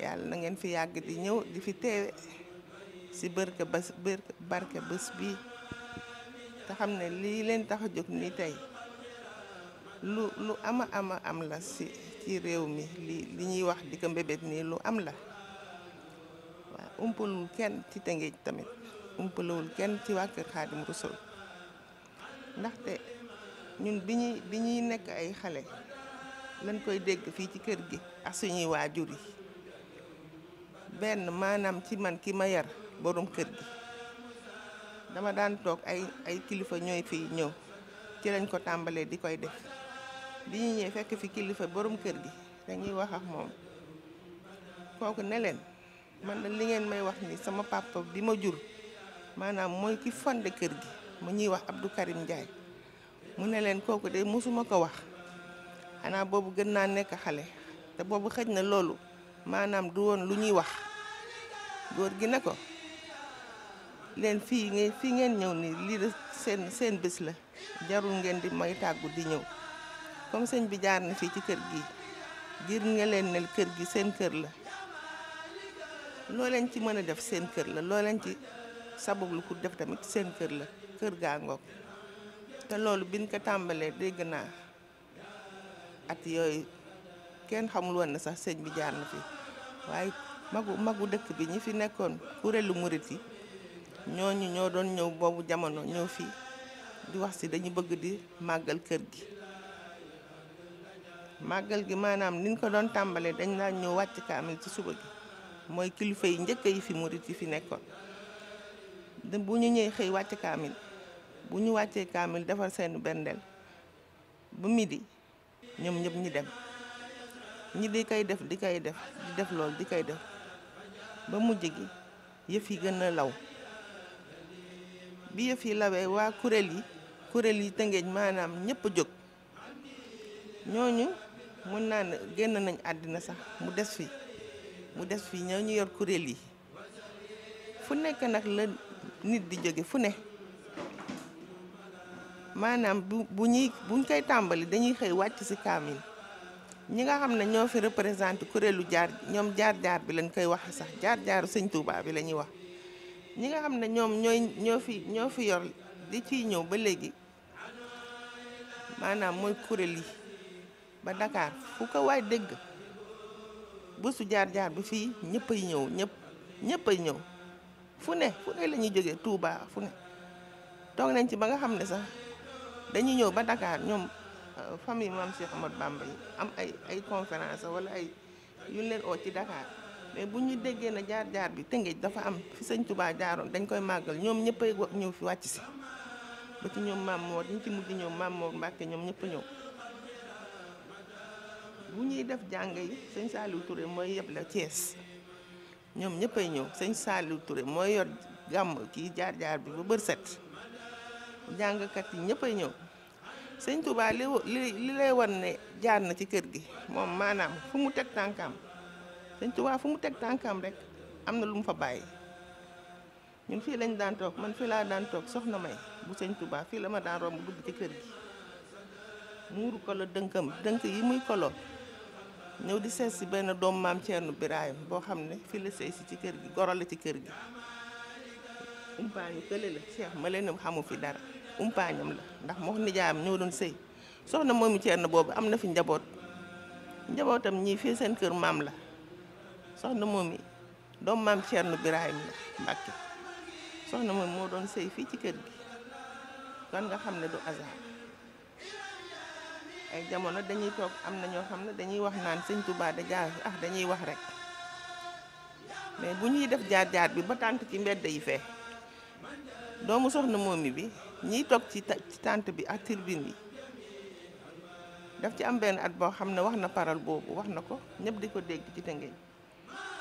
yàlla na ngeen fi yàgg di ñëw di fi teewe si barke bés barke bés bii te xam ne lii leen tax a jóg nii tey lu lu ama ama am la si ci réew mi li li ñuy wax di ko mbébét nii lu am la waaw umpalul kenn ci Tëngéej tamit umpalawul kenn ci waa Kër Xaadim Rasuul ndaxte ñun bi ñuy bi ñuy nekk ay xale lañ koy dégg fii ci kër gi ak suñuy waajur yi benn maanaam ci man ki ma yar borom kër gi dama daan toog ay ay kilifa ñooy fii ñëw ci lañ ko tàmbalee di koy def di ñu ñëwee fekk fi kilifa boroom kër gi dañuy wax ak moom kooku ne leen man da li ngeen may wax ni sama papa bi ma jur maanaam mooy ki fonde kër gi mu ñuy wax abdu Karim Ndiaye mu ne leen kooku de mosuma ko wax xanaa boobu gën naa nekk xale te boobu xëj na loolu maanaam du woon lu ñuy wax góor gi ne ko leen fii ngeen ñëw nii lii de seen seen bés la jarul ngeen di may tàggu di ñëw comme sëñ bi jaar na fii ci kër gi ngir nga leen ne kër gi seen kër la loo leen ci mën a def seen kër la loo ci sabab lu ko def tamit seen kër la kër gaa ngoog te loolu biñ ko tàmbalee dégg naa at yooyu kenn xamul woon na sax sëñ bi jaar na fi magu magu dëkk bi ñi fi nekkoon kuréelu murit yi ñooñu ñoo doon ñëw boobu jamono ñëw fii di wax si dañu bëgg di màggal kër gi màggal gi maanaam niñ ko doon tàmbalee dañ daan ñëw wàcc kaamil ci suba gi mooy kilifa yi njëkk yi fi murit yi fi nekkoon bu ñu ñëwee xëy wàcc kaamil bu ñu wàccee kaamil defar seen bendel bu midi ñoom ñëpp ñi dem ñi di koy def di koy def di def loolu di koy def ba mujj gi yëf yi gën a law bi yëf yi lawee waa kuréel yi kuréel yi tëngeej maanaam ñëpp jóg ñooñu mën naa ne génn nañ àddina sax mu des fi mu des fi ñoo ñu yor kuréel yi fu nekk nag la nit di jóge fu ne maanaam bu bu ñuy buñ koy tàmbali dañuy xëy wàcc ci kaamil ñi nga xam ne ñoo fi représenté kuréelu jaar ñoom jaar-jaar bi lañ koy wax sax jaar-jaaru sëñ Touba bi la ñuy wax ñi nga xam ne ñoom ñooy ñoo fi ñoo fi yor di ciy ñëw ba léegi maanaam mooy kuréel yi ba Dakar fu ko waay dégg bésu jaar-jaar bi fii ñëpp ay ñëw ñëpp ñëpp ay ñëw fu ne fu ne la ñuy jógee fu ne toog nañ ci ba nga xam ne sax dañuy ñëw ba Dakar ñoom famille Maam Cheikh Ahmadou Bamba yi am ay ay conférence wala ay yu leen oo ci Dakar mais bu ñu déggee na jaar-jaar bi Tëngéej dafa am fi sëñ tubaa jaaroon dañ koy màggal ñoom ñëpp ay ñëw fi wàcc si ba ñoom Maam Moor ñu ci mujj ñoom Maam Moor Mbàkke ñoom ñëw bu ñuy def jàng yi sëñ Saliou ture mooy yëpp la Thiès ñoom ñëppay ñëw sëñ Saliou ture mooy yor gàmm kii jaar-jaar bi ba bër set jàngkat yi ñëppay ñëw sëñ Touba li li lay wan ne jaar na ci kër gi moom maanaam fu mu teg tànkam sëñ Touba fu mu teg tànkam rek am na lu mu fa bàyyi ñun fii lañ daan toog man fii laa daan toog soxna may bu sëñ Touba fii la ma daan romb dugg ci kër gi muuru kolo dënkam dënk yi muy kolo ñëw di sees si benn doom maam Thierno biraayam boo xam ne fii la sey ci kër gi goro la ci kër gi umpaañu kële la Cheikh ma leen xamu fi dara umpaañam la ndax moo nijaayam ñoo doon sëy soxna moomu Thierno boobu am na fi njaboot njabootam ñii fii seen kër maam la soxna moomi doom maam Thierno Birahim la Mbàkke soxna moomi moo doon sëy fii ci kër gi kon nga xam ne du hasard ay jamono dañuy toog am na ñoo xam ne dañuy wax naan sëñ Touba da jaar ah dañuy wax rek mais bu ñuy def jaar-jaar bi ba tànk ci mbedd yi fee doomu soxna moomi bi ñiy toog ci ci tànt bi ak tribune yi daf ci am benn at boo xam ne wax na paral boobu wax na ko ñépp di ko dégg ci tëngéej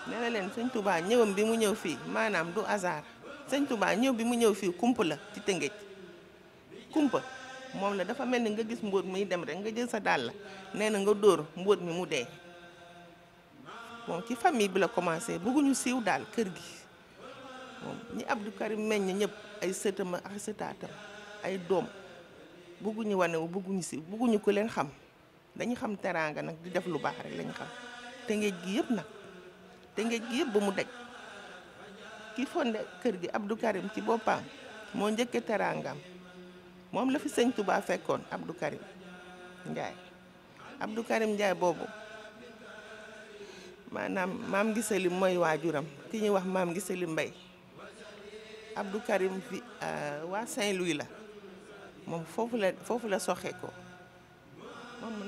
nee na leen sëñ Touba ñëwam bi mu ñëw fii maanaam du hasard sëñ Touba ñëw bi mu ñëw fii kumpa la ci tëngéej kumpa moom la dafa mel ni nga gis mbóot miy dem rek nga jël sa dàll nee na nga dóor mbóot mi mu dee moom ci famille bi la commencé bëgguñu siiw daal kër gi moom ñi Abdou Karim meññ ñëpp ay sëtama ak sëtaatam ay doom bëgguñu wane wu bëgguñu si bëgguñu ko leen xam dañu xam teraanga nag di def lu baax rek lañ xam te ngeej gi yépp nag te ngeej gi yëpp ba mu daj ki fonde kër gi Abdou Karim ci boppam moo njëkke teraangam moom la fi sëñ Touba fekkoon Abdou Karim Ndiaye Abdou Karim Ndiaye boobu maanaam maam gisali mooy waajuram ki ñuy wax maam ngi gisali mbay Abdou Karim fi euh, waa Saint-Louis la moom foofu la foofu la soxe ko moom mu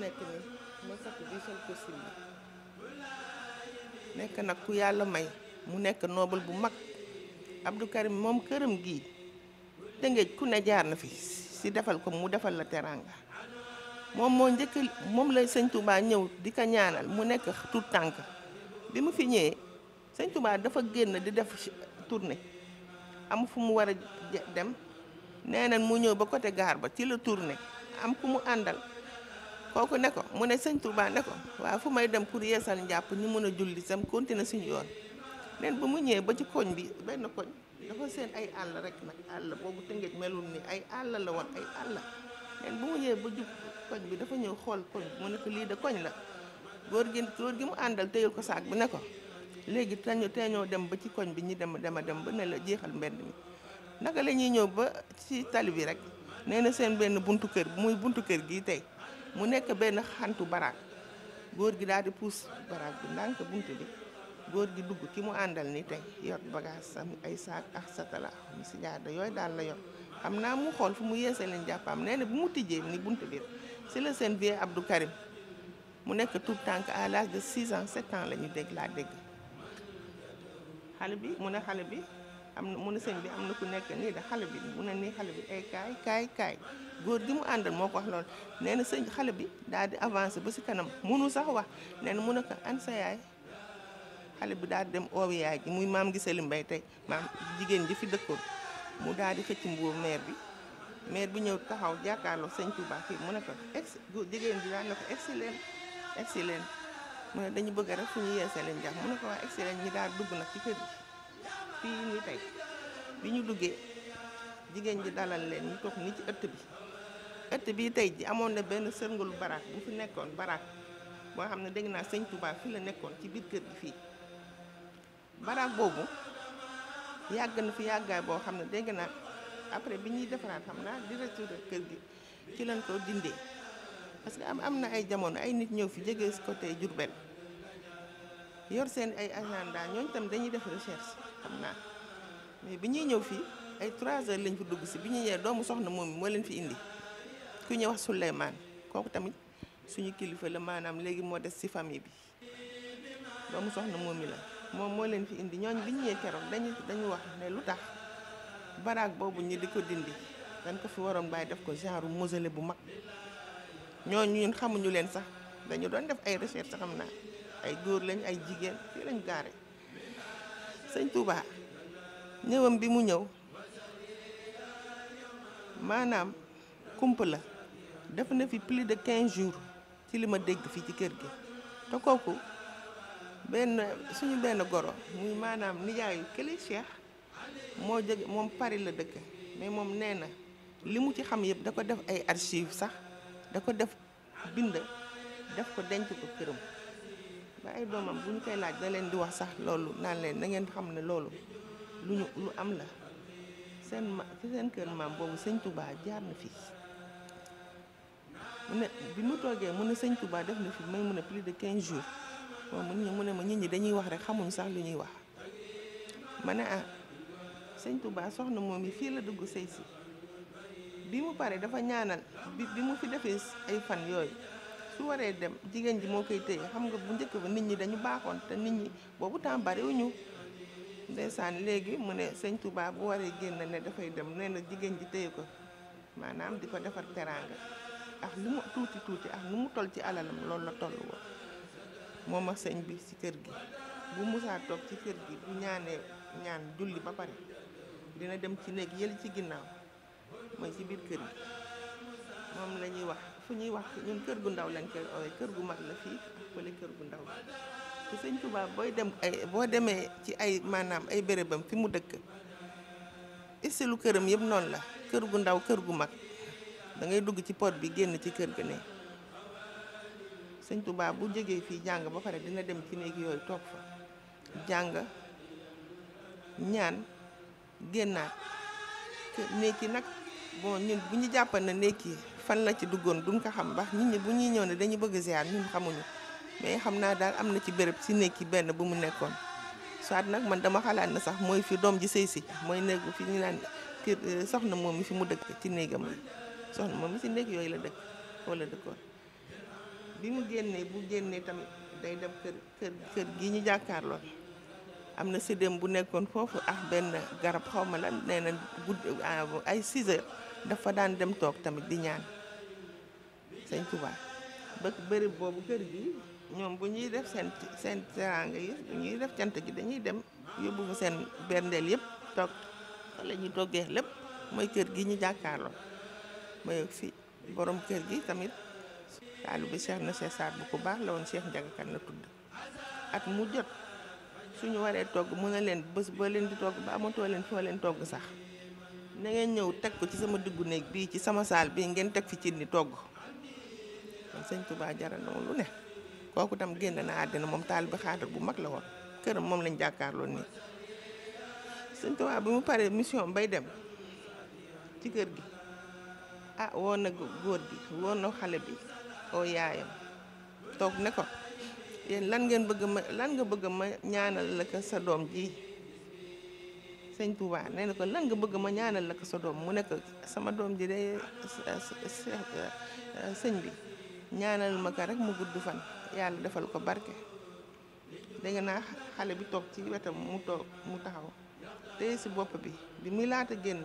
nekk nag ku yàlla may mu nekk noobal bu mag Abdou Karim moom këram gii dëngéej ku ne jaar na fi si defal ko mu defal la teraanga moom moo njëkk moom lay sëñ Touba ñëw di ko ñaanal mu nekk tout tànk bi mu fi ñëwee sëñ Touba dafa génn di def tournée am fu mu war a dem nee na mu ñëw ba côté gaar ba ci la tourné am ku mu àndal kooku ne ko mu ne sëñ Touba ne ko waaw fu may dem pour yeesal njàpp ñu mën a julli sam continuer suñu yoon nen ba mu ñëwee ba ci koñ bi benn koñ dafa seen ay àll rek nag àll boobu tëngéej melul ni ay àll la woon ay àll nen ba mu ñëwee ba koñ bi dafa ñëw xool koñ mu ne ko lii de koñ la góor gi góor gi mu àndal téyul ko saak bu ne ko léegi teñu teeñoo dem ba ci koñ bi ñu dem dema dem ba ne la jeexal mbedd mi naka lañuy ñëw ba ci tali bi rek nee na seen benn buntu kër muy buntu kër gi tey mu nekk benn xantu baraak góor gi daal di puus baraak bi ndànk buntu bi góor gi dugg ki mu àndal ni tey yor bagage sam ay saak ak satala mu si jaada yooyu daal la yor xam naa mu xool fu mu yeese leen jàppaam nee na bu mu tijjee ni buntu bi si la seen vieux Abdou Karim mu nekk tout tànk à l'âge de 6 ans 7 ans la ñu dégg laa dégg xale bi mu ne xale bi am na mu ne sëñ bi am na ku nekk nii de xale bi mun ne nii xale bi ay kaay kaay kaay góor gi mu àndal moo ko wax loolu nee na sëñ xale bi daal di avancé ba si kanam munu sax wax nee na a ne ko an sa yaay xale bi daal di dem oow yaay ji muy maam gisali mbay tey maam jigéen ji fi dëkkoon mu daal di xëcc mbuur maire bi maire bi ñëw taxaw jàkkaarloo sëñ Touba fii mu ne ko ex jigéen ji daal ne ko excellent excellent mu ne dañu bëgg rek fu ñu yeesale njax mu ne ko waa excellence ñi daal dugg nag ci kër gi fii ñu tey bi ñu duggee jigéen ji dalal leen ñu toog ni ci ëtt bi ëtt bii tey ji amoon na benn sërngulu baraak bu fi nekkoon baraak boo xam ne dégg naa sëñ Touba fi la nekkoon ci biir kër gi fii baraak boobu yàgg na fi yàggaay boo xam ne dégg naa après bi ñuy defaraat xam naa di restaurer kër gi ci lañ ko dindee parce que am am na ay jamono ay nit ñëw fi jege côté Diourbel yor seen ay agenda ñooñ tam dañuy def recherche xam naa mais bi ñuy ñëw fii ay 3 heures lañ fa dugg si bi ñuy ñëwee doomu soxna moom moo leen fi indi ku ñuy wax Souleymane kooku tamit suñu kilifa la maanaam léegi moo des si famille bi doomu soxna moom mi la moom moo leen fi indi ñooñu bi ñu ñëwee keroog dañu wax ne lu tax baraag boobu ñu di ko dindi dañ ko fi waroon bàyyi def ko genre mausolée bu mag ñooñu ñun xamuñu leen sax dañu doon def ay recherche xam naa. ay góor lañ ay jigéen fii lañ gaare sëñ Touba ñëwam bi mu ñëw maanaam kumpa la def na fi plus de 15 jours ci li ma dégg fii ci kër gi te kooku benn suñu benn goro muy maanaam nijaayu kële moo jóge moom Paris la dëkk mais moom nee na li mu ci xam yëpp da ko def ay archives sax da ko def bind def ko denc ko këram ba doomam bu koy laaj da leen di wax sax loolu naan leen na ngeen xam ne loolu lu ñu lu am la seen ma seen kër boobu sëñ Touba fi. mu ne bi mu toogee mu ne sëñ Touba def na fi may mu ne plus de 15 jours moom mu ne ma nit dañuy wax rek xamuñ sax lu ñuy wax ma ne ah sëñ Touba soxna moom yi fii la dugg sëy si bi mu paree dafa ñaanal bi bi mu fi defee ay fan yooyu. su waree dem jigéen ji moo koy téye xam nga bu njëkk ba nit ñi dañu baaxoon te nit ñi boobu tam bariwuñu ndeysaan léegi mu ne sëñ Touba bu waree génn ne dafay dem nee na jigéen ji téye ko maanaam di ko defar teraanga ak lu mu tuuti tuuti ak lu mu toll ci alalam loolu la toll woon moom ak sëñ bi ci kër gi bu musaa toog ci kër gi bu ñaanee ñaan julli ba pare dina dem ci néeg yële ci ginnaaw mooy ci biir kër gi moom la ñuy wax fu ñuy wax ñun kër gu ndaw lañ koy kër gu mag la fii ak fële kër gu ndaw te sëñ Touba booy dem ay boo demee ci ay maanaam ay bérébam fi mu dëkk estilu këram yëpp noonu la kër gu ndaw kër gu mag dangay dugg ci pot bi génn ci kër ga ne sëñ Touba bu jógee fii jàng ba pare dina dem ci néeg yooyu toog fa jàng ñaan génnaat néeg yi nag bon ñun bu ñu jàppan na néeg yi fan la ci duggoon duñ ko xam baax nit ñi bu ñuy ñëw ne dañu bëgg ziar ñun xamuñu mais xam naa daal am na ci béréb si nekki benn bu mu nekkoon soit nag man dama xalaat na sax mooy fi doom ji sëy si mooy néegu fi ñu naan kër euh, soxna moom mi fi mu dëkk ci néegam la moom mi si néeg yooyu la dëkk wala dëkkoon bi mu génnee bu génnee tamit day dem kër kër gi ñu jàkkaarloo am na séddéem bu nekkoon foofu ak benn garab xaw ma la nee na gudd ah, ay 6 heures dafa daan dem toog tamit di ñaan sëñ Touba bëgg bëri boobu kër gi ñoom bu ñuy def seen seen teranga yi bu ñuy def cant gi dañuy dem yóbbu fa seen berndeel yépp toog fa la ñuy toggee lépp mooy kër gi ñu jàkkaarloo mooy fi boroom kër gi tamit taalu bi Cheikh na Cheikh Saad bu ku baax la woon Cheikh Ndiaga Kane la tudd at mu jot suñu waree togg mën na leen bës ba leen di togg ba amatoo leen foo leen togg sax na ngeen ñëw teg ko ci sama diggu néeg bii ci sama saal bii ngeen teg fi cin ni togg sëñ Touba jaral na lu ne kooku tam génn na àddina moom taalibe xaadir bu mag la woon këram moom lañ jàkkaarloo nii sëñ Touba bi mu paree mission bay dem ci kër gi ah woon na góor gi woon na xale bi oo toog ne ko yéen lan ngeen nga bëgg ma ñaanal la ko sa doom ji sëñ Touba nee na ko lan nga bëgg ma ñaanal la ko sa doom mu nekk sama doom ji day sëñ bi ñaanal ma ko rek mu gudd fan yàlla defal ko barke dégg naa xale bi toog ci wetam mu toog mu taxaw tey si bopp bi bi muy laata génn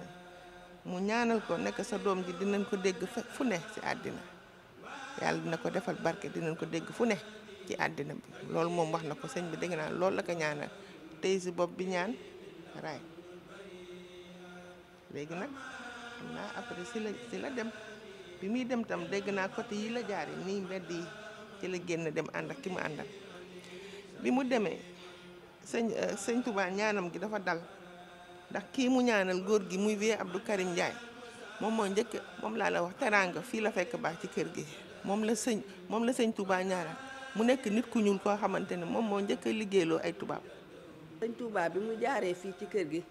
mu ñaanal ko nekk sa doom ji dinañ ko dégg fu ne ci àddina yàlla dina ko defal barke dinañ ko dégg fu ne ci àddina bi loolu moom wax na ko sëñ bi dégg naa loolu la ko ñaanal tey si bopp bi ñaan raay léegi nag xam naa après si la si la dem bi muy dem tam dégg naa côté yi la jaare nii mbedd yi ci la génn dem ànd ak ki mu àndal bi mu demee sëñ euh, sëñ Touba ñaanam gi dafa dal ndax kii mu ñaanal góor gi muy wee Abdou Karim Ndiaye moom moo njëkk moom laa la wax teraanga fii la fekk baax ci kër gi moom la sëñ moom la sëñ Touba ñaanal mu nekk nit ku ñuul koo xamante ne moom moo njëkk a liggéeyloo ay tubaab. sëñ Touba bi mu jaaree fii ci kër gi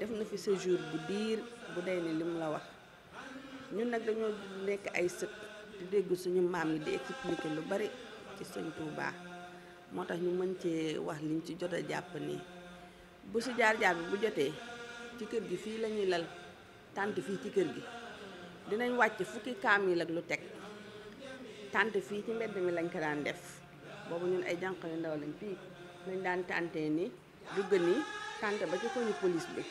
def na fi séjour bu biir bu day ni li mu la wax. ñun nag dañoo nekk ay sët di dégg suñu maam yi di expliqué lu bari ci sëñ Touba moo tax ñu mën cee wax liñ ci jot a jàpp ni bu si jaar-jaar bi bu jotee ci kër gi fii lañuy lal tànt fii ci kër gi dinañ wàcc fukki kaamil ak lu teg tànt fii ci mbedd mi lañ ko daan def boobu ñun ay jànq yu ndaw lañ fii lañ daan tàntee ni dugg ni tànt ba ci koñu police bi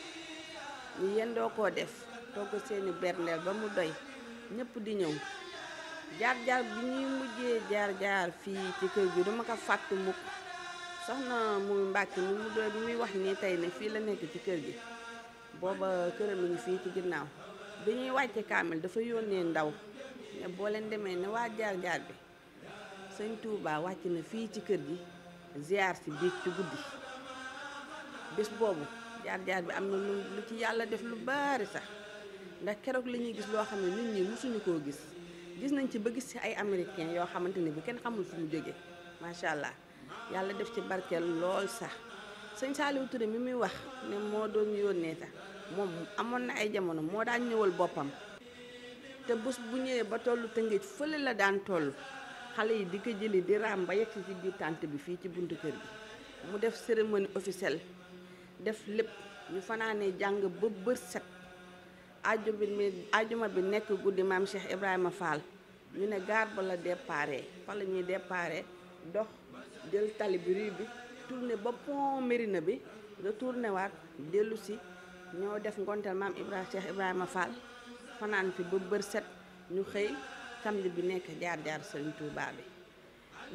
ñu yendoo koo def togg seeni berndeel ba mu doy ñépp di ñëw jaar-jaar bi ñuy mujjee jaar-jaar fii ci kër gi dama ko fàttu mukk soxna muy Mbàkke mi mu doy bi muy wax nii tey ne fii la nekk ci kër gi booba këram fii ci ginnaaw bi ñuy wàcce kaamel dafa yónnee ndaw ne boo leen demee ne waa jaar-jaar bi sëñ Touba wàcc na fii ci kër gi ziar si biig ci guddi bés boobu jaar-jaar bi am na lu ci yàlla def lu baari sax ndax keroog la ñuy gis loo xam ne nit ñi musuñu koo gis gis nañ ci ba gis ci ay américains yoo xamante ne bi kenn xamul fu mu jógee macha allah yàlla def ci barkeel lool sax sëñ Saliou Touré mi muy wax ne moo doon yónnee ta moom amoon na ay jamono moo daan ñëwal boppam te bés bu ñëwee ba tollu tëngéej fële la daan toll xale yi di ko jëli di raam ba yegg ci biir tànt bi fii ci buntu kër gi mu def cérémonie officielle def lépp ñu fanaanee jàng ba bër set ajju bi bi nekk guddi maam Cheikh Ibrahima Fall ñu ne gaar ba la déparé fa ñuy déparé dox jël tali bi rue bi tourné ba pont bi retourné waat dellu si ñoo def ngontel maam Ibra Cheikh Ibrahima Fall fanaan fi ba bër set ñu xëy samedi bi nekk jaar-jaar sañ Tuubaa bi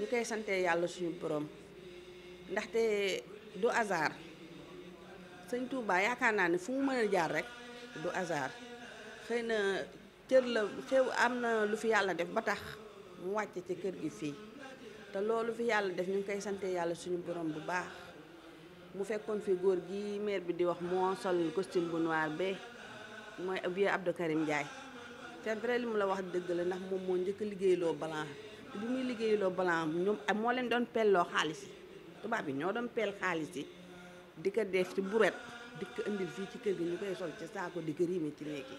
ñu koy sante yàlla suñu borom ndaxte du hasard Sëriñ Tuubaa yaakaar naa ne fu mu mën jaar rek du hasard xëy na cër la xew am na lu fi yàlla def ba tax mu wàcce ci kër gi fii te loolu fi yàlla def ñu ngi koy sante yàlla suñu borom bu baax mu fekkoon fi góor gi maire bi di wax moo sol costume bu noir be mooy vieux Abdou Karim Ndiaye te li mu la wax dëgg la ndax moom moo njëkk a liggéeyloo Blanc te bi muy liggéeyloo Blanc moo leen doon pelloo xaalis yi tubaab yi ñoo doon pell xaalis yi di ko def ci buret dikk indil fii ci kër gi ñu koy sol ci saako di ko riime ci léegi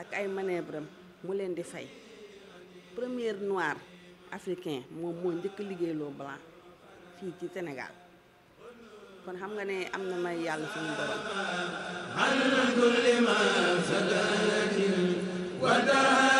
ak ay manœuvre am mu leen di fay premier noir africain moom moo njëkk liggéeyloo blanc fii ci Sénégal kon xam nga ne am na may yàlla suñu borom an kulli ma